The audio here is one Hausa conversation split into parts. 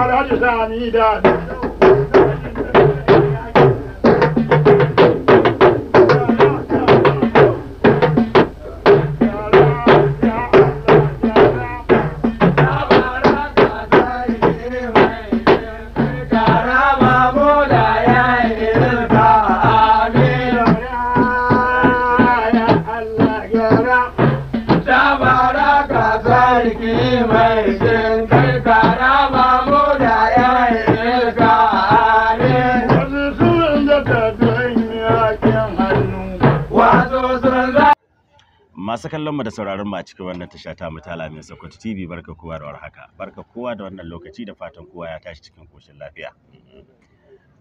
Alhaji Sani da masu kallon mu da sauraron mu a cikin wannan tasha ta mu ta Lamin Sokoto TV barka kowa da warhaka barka kowa da wannan lokaci da fatan kowa ya tashi cikin koshin lafiya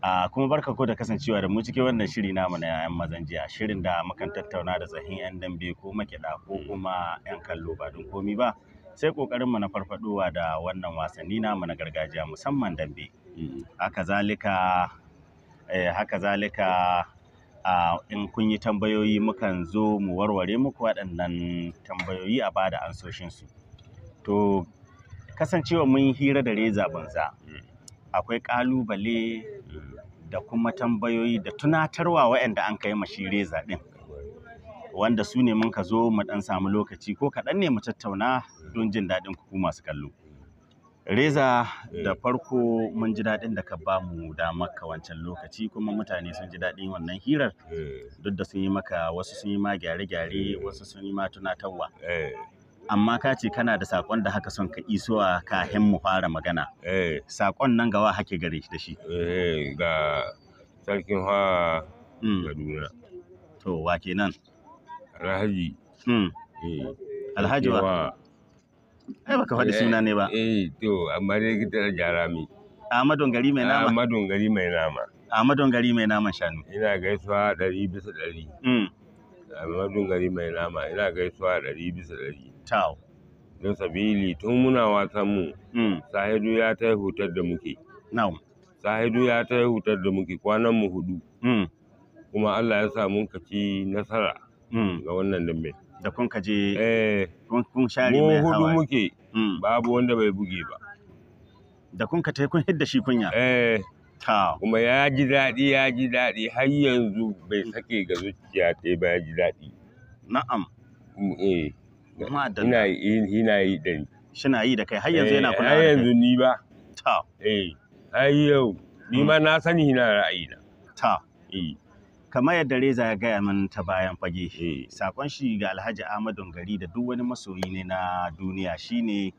a kuma barka ko da kasancewa da mu cikin wannan shiri namu na yan mazan jiya shirin da mukan tattauna da tsahin yan dambe ko makida ko kuma yan kallo ba don komi ba sai kokarin mu na farfadowa da wannan wasanni namu na gargajiya musamman dambe mm. haka zalika eh, haka zalika in kun yi tambayoyi mukan zo mu warware muku waɗannan tambayoyi a bada su to kasancewa mun hira da reza banza akwai ƙalubale da kuma tambayoyi da tunatarwa waɗanda an kai mashi reza ɗin wanda su ne mun ka zo mu ɗan samu lokaci ko kaɗan ne mu tattauna don jin daɗin ku masu kallo Reza da eh. farko mun ji daɗin da ka ba mu damar maka wancan lokaci kuma mutane sun ji daɗin wannan hirar eh. duk da sun yi maka wasu sun yi ma gyare-gyare eh. wasu sun yi ma tunatarwa. Amma ka ce kana da saƙon da haka son ka iso a kahin mu fara magana. Saƙon nan gawa hake gare da shi. Ga sarkin hawa hmm. duniya. To wa kenan? Alhaji. Hmm. Alhaji wa? ai baka faɗi eh, suna ne ba eh to amma dai kita gyara mi Ahmadu gari mai nama Ahmadu gari mai nama Ahmadu gari mai nama shanu ina gaisuwa ɗari bisa ɗari mm. Ahmadu gari mai nama ina gaisuwa ɗari bisa ɗari tau don sabili tun muna wasan mu mm. sahidu ya ta hutar da muke na'am sahidu ya ta hutar da muke kwanan mu hudu mm. kuma Allah ya sa mun kaci nasara ga wannan dambe da kun ka je eh, kun share mai hawa mu hudu muke mm. babu wanda bai buge ba da kun ka tai kun hidda shi kunya eh kuma ya ji daɗi ya ji daɗi har yanzu bai sake ga zuciya ta ba ya ji daɗi na'am mm, eh ina ina yi da ni shina yi da kai har yanzu yana eh, kula da kai har yanzu ni ba ta eh har yau ni mm. ma na sani ina ra'ayina ta eh kamar yadda reza ya gaya min ta bayan fage eh. sakon shi ga alhaji ahmadu gari da duk wani masoyi ne na duniya shine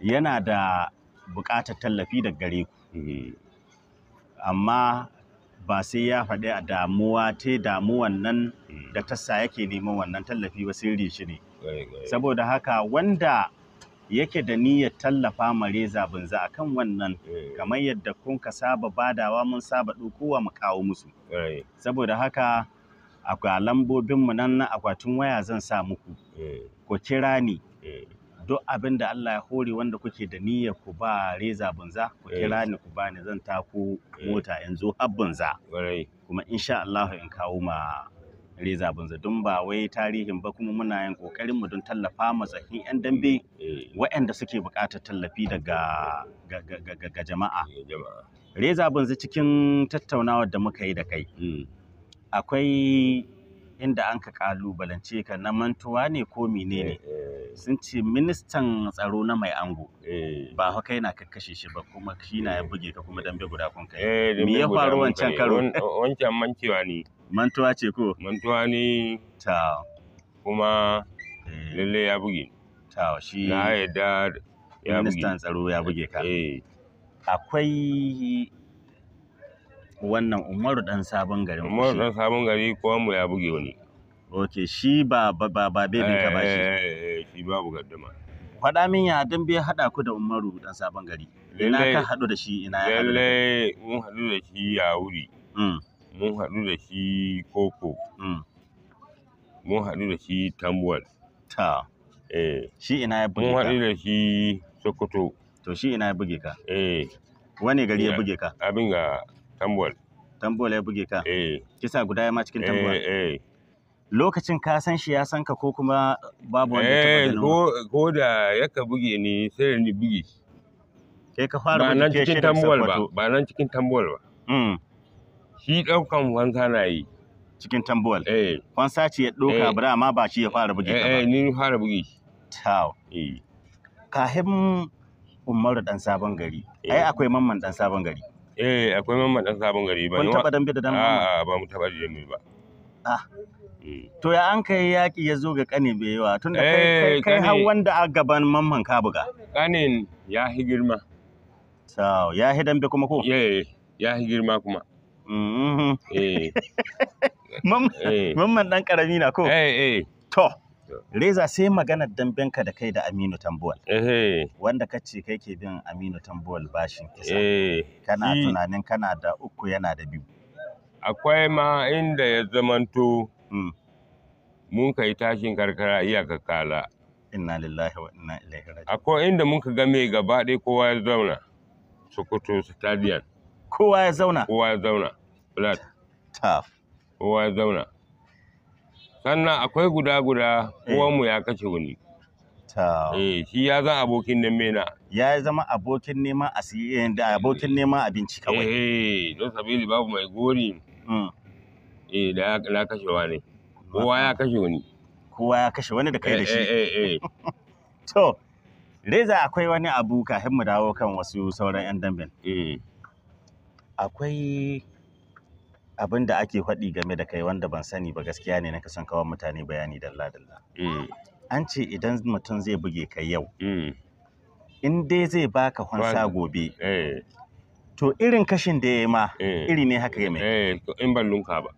yana da buƙatar tallafi da gare ku eh. amma ba sai ya faɗi a damuwa ta damuwan nan eh. da tassa yake neman wannan tallafi ba sai shi ne saboda haka wanda yake da niyyar tallafa ma reza banza akan wannan eh. kamar yadda kun ka saba badawa mun saba dukuwa mu kawo musu eh. saboda haka akwai lambobinmu nan na akwatin waya zan sa muku eh. ku kira ni duk abin da Allah ya hore wanda kuke da niyyar ku ba reza binza ku kira ni ku bani zan tako mota yanzu zo kuma insha Allah in kawo ma reza bunza don ba wai tarihin ba kuma muna yin kokarin mu don tallafa ma tsakin yan dambe eh. waɗanda suke buƙatar tallafi daga ga eh, jama'a reza bunza cikin tattaunawar da muka yi da kai mm. akwai inda an ka kalubalance ka na mantuwa ne ko menene eh, eh. sun ce ministan tsaro na mai ango eh. ba haka yana kakkashe shi ba kuma shi na ya buge ka kuma dambe guda kun kai me ya faru wancan karo wancan mantuwa ne mantuwa ce ko mantuwa ne ta kuma lalle ya buge ta shi na yadda ministan tsaro ya buge ka akwai wannan umaru dan sabon gari umaru dan sabon gari kowa mu ya buge wani ok shi ba ba ba bebin ka ba shi eh, eh, eh, shi babu gaddama faɗa min ya dan bai haɗa ku da umaru dan sabon gari ina ka haɗu da shi ina ya haɗu lallai mun haɗu da shi ya wuri mm. mun haɗu da shi koko mm. mun haɗu da shi tambuwal ta eh shi ina ya buge ka mun haɗu da shi sokoto to shi ina ya buge ka eh wani gari ya buge ka abin ga tambol tambol ya buge ka? Eh. Kisa guda ya ma cikin eh, tambol Eh, eh. Lokacin ka san shi ya san ka ko kuma babu wanda ya taɓa Eh, ko da yaka buge ni sai ni buge shi. Kai ka fara buge shi da Sokoto. Ba nan cikin tambol ba. Mm. Shi ɗaukan wanka na yi. Cikin tambol Eh. Kwansa ce ya ɗauka eh. bura ma ba shi ya fara buge ka ba. Eh, eh ni fara buge shi. Tau. Eh. Kahin Umaru ɗan sabon gari. Ai akwai mamman ɗan sabon gari. eh akwai mamman ɗan sabon gari ba kun taɓa dambe da dambe A'a, ba mu taɓa dambe ba ah mm. to ya an kai yaki ya zo ga bai kane bewa tun da kai eh, har wanda a gaban mamman ka buga kanin ya hi girma so ya hi dambe kuma ko eh, ya hi girma kuma mm-hmm. eh. mamman ɗan ƙarami na ko to Reza sai maganar ka da kai da Aminu Tambuwal. Eh. Wanda ka ce kai ke bin Aminu Tambuwal bashin kisa. Eh, kana tunanin kana da uku yana da biyu. Akwai ma inda ya zamanto hmm. mun kai tashin karkara iyaka kala. Inna lillahi wa inna ilaihi raji. Akwai inda mun ka game gaba ɗaya kowa ya zauna. Sokoto Stadium. Kowa ya zauna. Kowa ya zauna. Kowa ya zauna. sannan akwai guda guda eh. uwanmu ya kashe wani eh shi ya zama abokin nan ya zama abokin a asiri eh, da abokin Nema abinci kawai eh don sabili babu mai gori mm. eh da ya kashe wani kowa ya kashe wani kowa ya kashe wani da kai da eh, shi eh eh to reza akwai wani abu kafin mu dawo kan wasu sauran yan damben akwai abin da ake faɗi game da kai wanda ban sani ba gaskiya ne na kasan kawo mutane bayani dalla dalla mm. an ce idan mutum zai buge ka yau mm. in dai zai baka kwansa gobe eh. to irin kashin da ya yi ma eh. iri ne haka ya mai eh, in ban lunka ba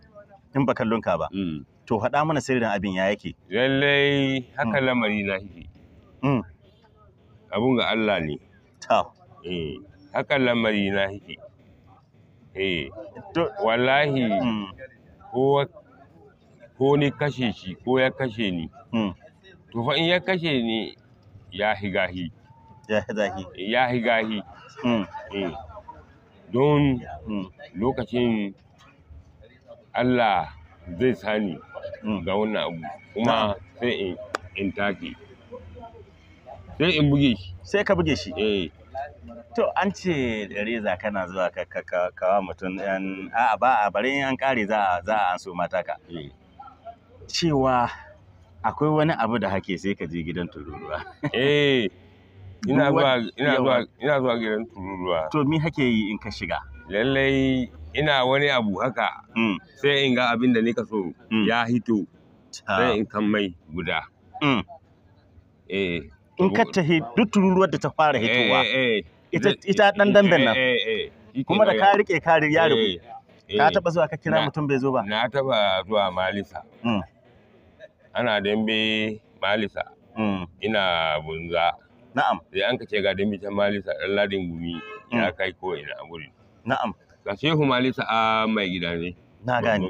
in ba lunka ba mm. to haɗa mana sirrin abin ya yake lallai haka lamari na shi abun ga Allah ne haka lamari na shi eh wallahi hmm. ko ni kashe shi ko ya kashe ni hmm. to fa in ya kashe ni ya higahi ya higahi hmm. eh, don lokacin Allah zai sani ga wannan abu kuma sai in take sai in buge shi sai ka buge shi eh To an ce reza kana zuwa kawo mutum yan a'a ba a bari an kare za a za a so mata ka. Hmm. Cewa akwai wani abu da hake sai ka je gidan tururuwa. Eh ina zuwa gidan tururuwa. To mi hake yi in ka shiga? Lallai ina wani abu haka hmm. sai in ga abin da ka so hmm. ya hito ah. sai in kan mai guda. Eh in ka tahi duk tururuwar da ta fara hitowa. Eh, eh, eh. ita dan eh, damben nan eh, eh, kuma da ka rike ka ya rubu ka taba zuwa ka kira mutum bai zo ba na taba zuwa malisa mm. ana dambe malisa mm. ina bunza na'am sai an kace ga dambe can malisa dan ladin gumi ya mm. kai ko ina amuri na'am ka shehu malisa a mai gida ne na gani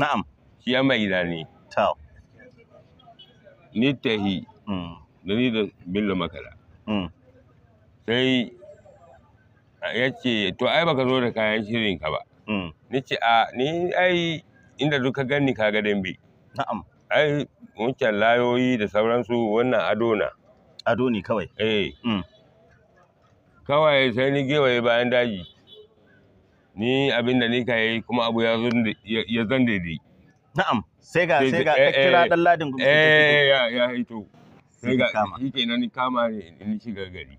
na'am shi ya mai gida ne to ni tahi da ni da billa makala sai ya ce to ai baka zo da kayan shirin ka ba mm. ni ce a ni ai inda duka gani ka ga dambe na'am ai wancan layoyi da sauransu wannan ado na ado ne kawai eh mm. kawai sai ni gewaye bayan daji ni abinda ni ka yi kuma abu ya zan daidai na'am sai ga sai ga kira dan eh, ladin eh, eh ya ya hito sai ga shi kenan ni kama ni shiga gari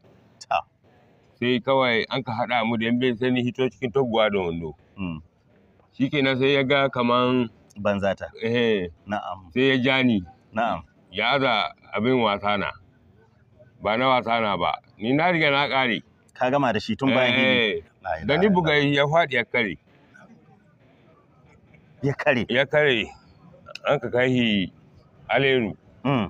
sai kawai an ka haɗa mu da yan bin sai ni hito cikin taguwa da wando mm. shikenan sai ya ga kaman banzata eh na'am sai ya ja ni na'am ya aza abin wasa na ba na wasa na ba ni na riga na kare ka gama da shi tun bayan gini. Eh. da ni buga ya faɗi ya kare ya kare ya kare an ka kai shi aleru mm.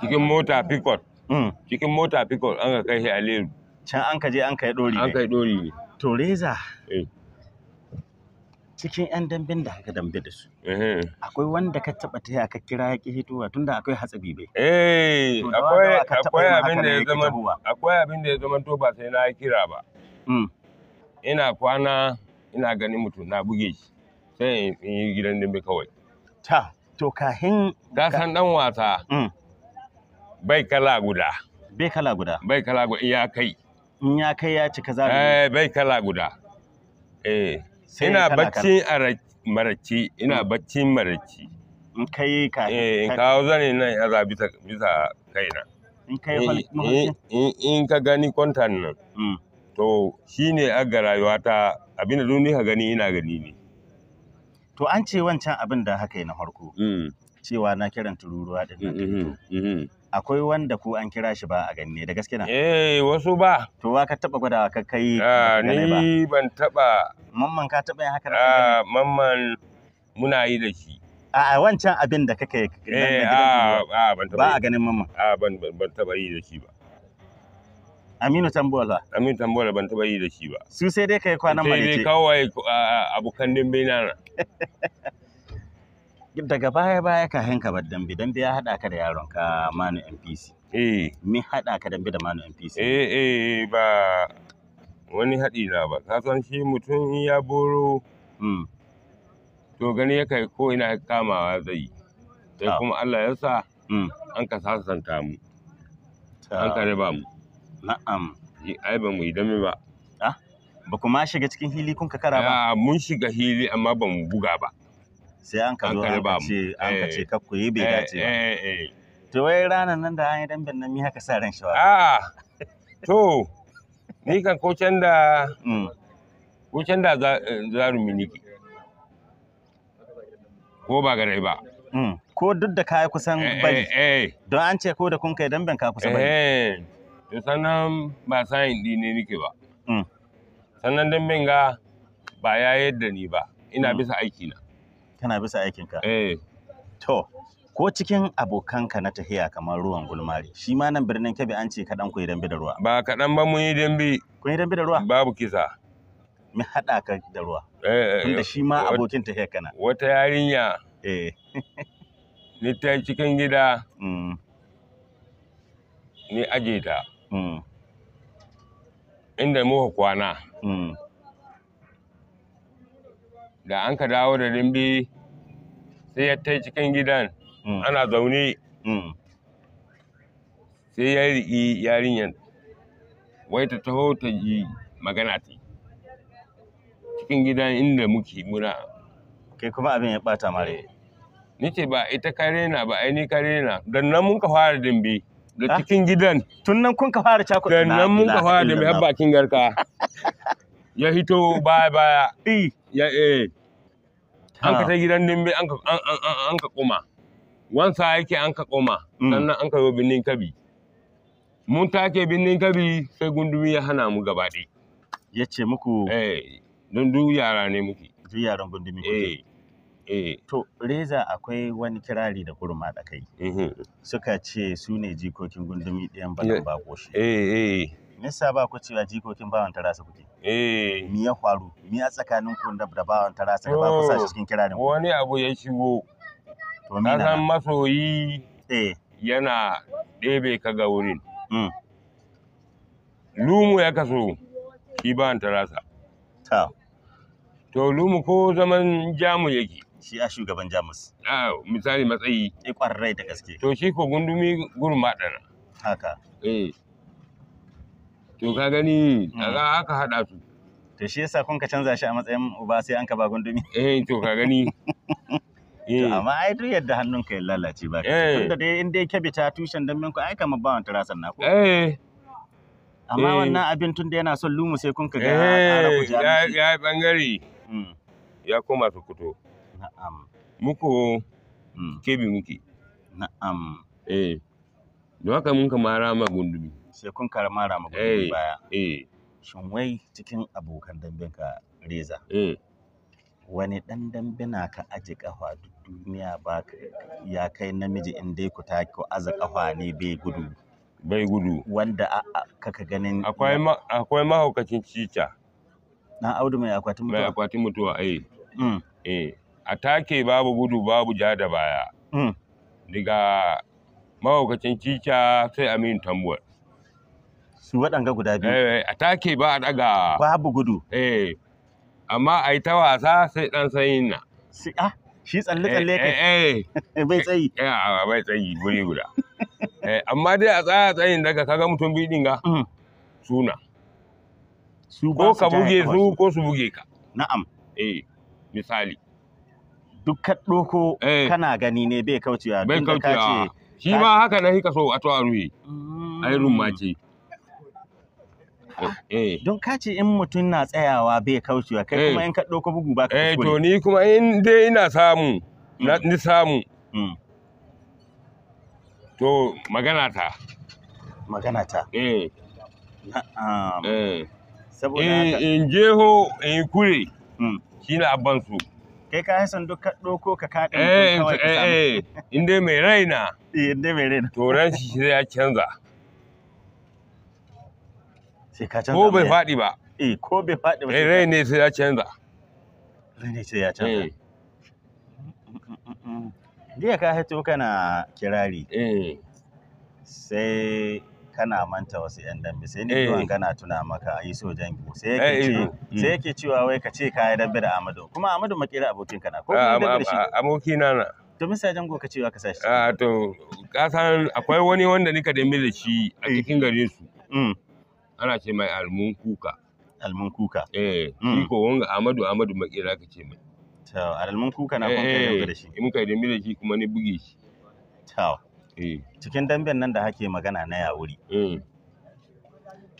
cikin mota pikot. Mm. cikin mota picot an ka kai shi aleru can an ka je an kai dori an kai dori ne to reza eh. cikin yan dambin da haka dambe da su akwai wanda ka taba ta ka kira ya ki hitowa tunda akwai hatsabi bai eh, akwai abin da ya zama akwai abin da ya zama to ba sai na kira ba mm. ina kwana ina ganin mutum na buge shi sai in yi gidan dambe kawai ta to kahin ka san dan wasa mm. bai kala guda bai kala guda bai kala guda iya kai in ya kai ya cika za yi eh, bai kala guda eh, ina bacci a maraki ina mm. bacci maraki in kai ka eh in kawo zane nan ya za bisa kaina eh, in in ka gani kwantan nan mm. to shi ne a ga rayuwata abinda duniya ka gani ina gani ne to an ce wancan abin da haka yi na farko mm. cewa na kiran tururuwa din nan mm-hmm, mm-hmm. akwai wanda ko an kira shi ba a ganne da gaske eh wasu ba to wa ka taba gwadawa ka kai ah, ni ban taba mamman ka taba yin haka a ah, mamman muna yi da shi a wancan abin da kake nan eh, ah, ba a ganin mamman a ban ban taba yi da shi ba Aminu Tambola. Aminu Tambola ban taba yi da shi ba. Su sai dai kai kwanan marice. Sai dai kawai abokan dimbe na. daga baya baya ka hanka bar dambe dambe ya haɗa ka da yaron ka manu mpc eh mi haɗa ka dambe da manu mpc eh, eh eh ba wani haɗi na ba ka san shi mutum ya boro hmm. to gani ya kai ko ina kamawa zai sai kuma Allah ya sa hmm. an ka sasanta mu an ka riba mu na'am ai ba mu yi dame ba ah, ba kuma shiga cikin hili kun ka kara ba ah, mun shiga hili amma ba mu buga ba sai an ka an ce an ka ce eh. bai dace ba eh, eh, to wai ranar nan da an yi damben nan mi haka sa ran shawara? ah to ni kan ko can da mm. ko can da zarumi niki ko ba gare ba mm. ko duk da kayi kusan bari don an ce ko da kun kai damben ka kusa bari to sannan ba din ne nike ba mm. sannan damben ga ba ya yadda ni ba ina bisa aiki na kana bisa aikinka eh to ko cikin abokanka na tahiya kamar ruwan gulmari shi ma nan birnin kebe an ce kaɗan ku yi dambe da ruwa ba kaɗan ba mun yi dambe kun yi dambe da ruwa babu kisa mi haɗa ka da ruwa eh, eh, eh. tunda shi ma abokin tahiya kana wata yarinya eh ni ta cikin gida mm. ni aje ta mm. inda muka kwana mm. da an ka dawo da rimbi sai ya ta cikin gidan mm. ana zaune mm. sai ya riƙi yarinyar wai ta taho ta ji magana ta cikin gidan inda muke muna kai kuma abin ya ɓata mare Ni ce ba ita kare na ba ai ni kare na dan nan mun ka fara dimbe da ah? cikin gidan tun nan kun ka fara cakuɗa dan nan mun ka fara dimbe har bakin garka ya hito baya baya ya eh an ka ah. ta gidan dimbe an ka kuma wansa yake an ka kuma mm. sannan an ka zo birnin kabi mun take birnin kabi sai gundumi ya hana mu gaba ɗaya ya ce muku eh don du yara ne muke du yaran gundumi eh eh to reza akwai wani kirari da kurma da kai mhm. suka ce su ne jikokin gundumi ɗayan balan bako shi eh eh Nisa ba ku cewa jikokin bawan tarasa kuke. Eh. Me ya faru? Me ya tsakanin ku da bawan tarasa da ba ku sashi oh, cikin kirarin? Wani abu ya shigo. To me na? masoyi. Eh. Yana ɗebe ka ga wurin. Mm. Lumu ya kaso shi bawan tarasa. Ta. To lumu ko zaman jamu yake. Shi a shugaban Jamus. Ah, misali matsayi. Eh, da gaske. To shi ko gundumi gurma ɗana. Haka. Eh. to eh. ka gani kaga mm. aka haɗa su to shi yasa kun ka canza shi a matsayin uba sai an ka ba gundumi eh to ka gani eh. amma ai duk yadda hannun ka ya lalace ba eh. tunda dai in dai ta tushen dan ku ai kamar bawan tarasan na ko eh amma wannan abin tunda yana son lumu sai kun ka ga ya ya bangare mm. ya koma kuto. na'am muku mm. kebi muke na'am eh don haka mun kama rama gundumi sai kun kara mara ma eh, baya eh shin wai cikin abokan damben ka reza eh wani dan dambe na ka aje kafa duniya ba ya kai namiji in dai ku ta ko aza kafa ne bai gudu bai gudu wanda kaka ganin akwai akwai mahaukacin cica na audu mai akwatin mutuwa mai akwatin mutuwa eh mm. eh babu gudu babu ja da baya mm. daga mahaukacin cica sai amin tambuwar su waɗanga guda biyu eh, eh a take ba a daga babu gudu eh amma a yi ta wasa sai ɗan sanyi na si ah shi tsalle tsalle eh, eh, kai eh bai tsayi eh bai tsayi guri guda eh amma dai a tsaya tsayin daga kaga mutum biyu dinga suna mm. su ko ka buge su ko su buge ka na'am eh misali duk ka ɗoko kana gani ne bai kaucewa bai kaucewa shi ma haka na hika so a to mm. ai rumma ce don ka ce in mutum na tsayawa bai wa kai kuma eh. in ka ɗauko bugu ba ka eh, kuskure eh to ni kuma in dai ina samu na mm. ni samu mm. to magana ta magana ta eh na'am eh in jeho in kure mm. shi na abban su kai ka haisan duk ka ɗauko ka kaɗa eh, kawai ka samu in dai mai raina in mai raina to ran shi zai ya canza sai ka canza ko bai faɗi ba eh ko bai faɗi ba eh, rai ne sai ya canza rai ne sai ya canza eh. jiya ka haito kana kirari eh. sai kana manta wasu 'yan dambe sai ni kiwon kana tuna maka yi so jangi sai yake cewa wai ka ce ka yi dambe da Amadu kuma Amadu makira abokin kana ko ah, kuma dambe da shi abokina na to misa jango ka cewa ka sa shi ah, to kasan san akwai wani wanda nika dambe da shi a cikin garin su mm. ana ce mai almun kuka almun kuka eh hmm. shi ko wanga Amadu Amadu Makira ka ce mai to almun kuka na kun kai eh, da shi in kai da mi da shi kuma ni buge shi to eh cikin damben nan da hake magana na yawuri eh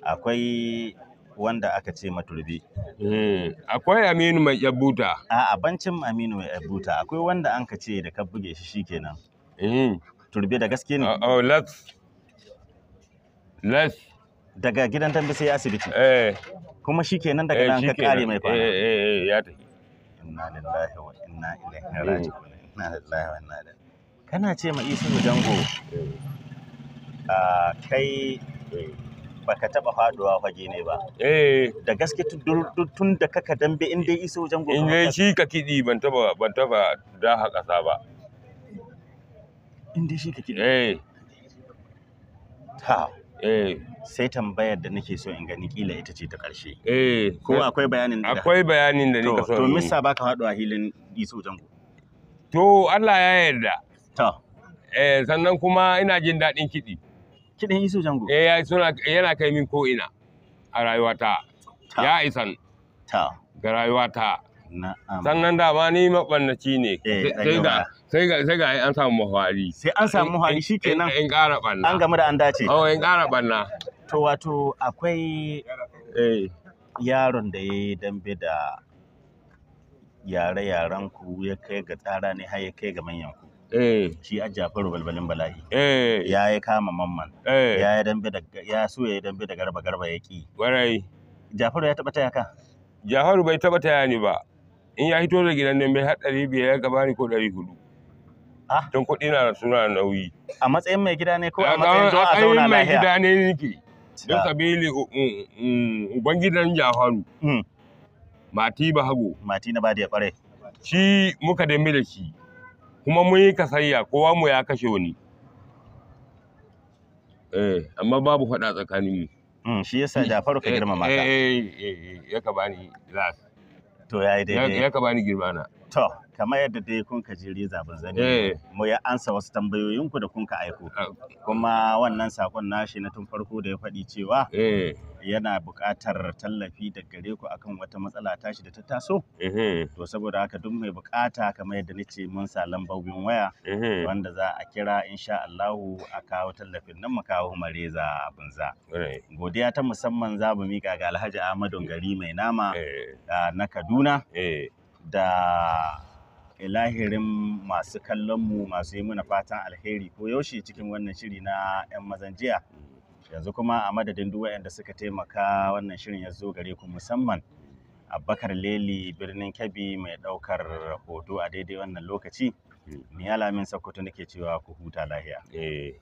akwai wanda aka ce maturbi. Eh, hmm. Akwai Aminu mai yabuta. A bancin Aminu mai yabuta akwai wanda an ka ce da ka buge shi shikenan. Eh. Turbe da gaske ne? Oh, let's. las. Las. daga gidan tambi sai asibiti eh. kuma shi kenan daga eh, nan ka kare mai kwana eh eh eh ya tafi inna lillahi wa inna ilaihi eh. raji'un inna lillahi wa inna ilaihi kana ce ma isu dango a ah, kai baka taba faduwa fage ne ba eh da gaske tun da kaka dambe in dai iso jango in dai shi ka kidi ban taba ban taba da haka sa ba in dai shi ka kidi eh ta Eh. sai tambayar da nake so in gani kila ita ce ta ƙarshe eh. ko eh. akwai bayanin da akwai bayanin da ka so to missa baka hadu a hilin isu jango to Allah ya yarda to eh sannan kuma ina jin daɗin kiɗi kiɗin isu jango eh suna yana kai min ko ina a rayuwata ya isan ta ga rayuwata na'am sannan da ma ni mabannaci ne sai ga sai ga sai ga an samu mahwari sai an samu mahwari shikenan in ƙara banna an gamu da an dace oh in ƙara banna to wato akwai eh. yaron da ya dambe da yare yaran ku ya kai ga tsara ne har ya kai ga manyan ku eh. shi a jafaru balbalin bala'i eh. ya yayi kama mamman ya ya so ya dambe da garba garba yake. warai jafaru ya taba taya ka jafaru bai taba taya ni ba in ya hito da gidan dambe har ɗari biyar ya gabani ko ɗari don kuɗi na suna nauyi a matsayin mai gida ne ko a matsayin zuwa a zauna lahiya mai gida ne nake don sabili ubangidan jafaru hmm. mati bahago mati na bada ya kware shi muka dambe da shi kuma mun yi kasayya kowa mu ya kashe wani eh amma babu faɗa tsakanin mu hmm, shi yasa Jafaru ka eh, girmama ka eh eh, eh eh ya ka bani las to yayi daidai ya ka bani girmana To, kamar yadda dai kun ka jiri zaɓin zane, eh. mu ya ansa wasu tambayoyinku da kun ka aiko. Ah. Kuma wannan sakon nashi na tun farko da ya faɗi cewa eh. yana buƙatar tallafi da gare ku akan wata matsala tashi da ta taso. Eh. To, saboda haka duk mai buƙata kamar yadda ce mun sa lambobin waya wanda za a kira insha Allahu a kawo tallafin nan mu kawo mareza bunza. Godiya ta musamman za mu miƙa ga Alhaji Ahmadu Gari mai nama ah, na Kaduna. da lahirin masu kallonmu masu yi muna fatan alheri ko yaushe cikin wannan shiri na 'yan mazan jiya yanzu kuma a madadin duk waɗanda suka taimaka wannan shirin ya zo gare ku musamman bakar leli birnin kebbi mai ɗaukar hoto a daidai wannan lokaci ni alamin sakkwato nake cewa ku huta lahiya eh.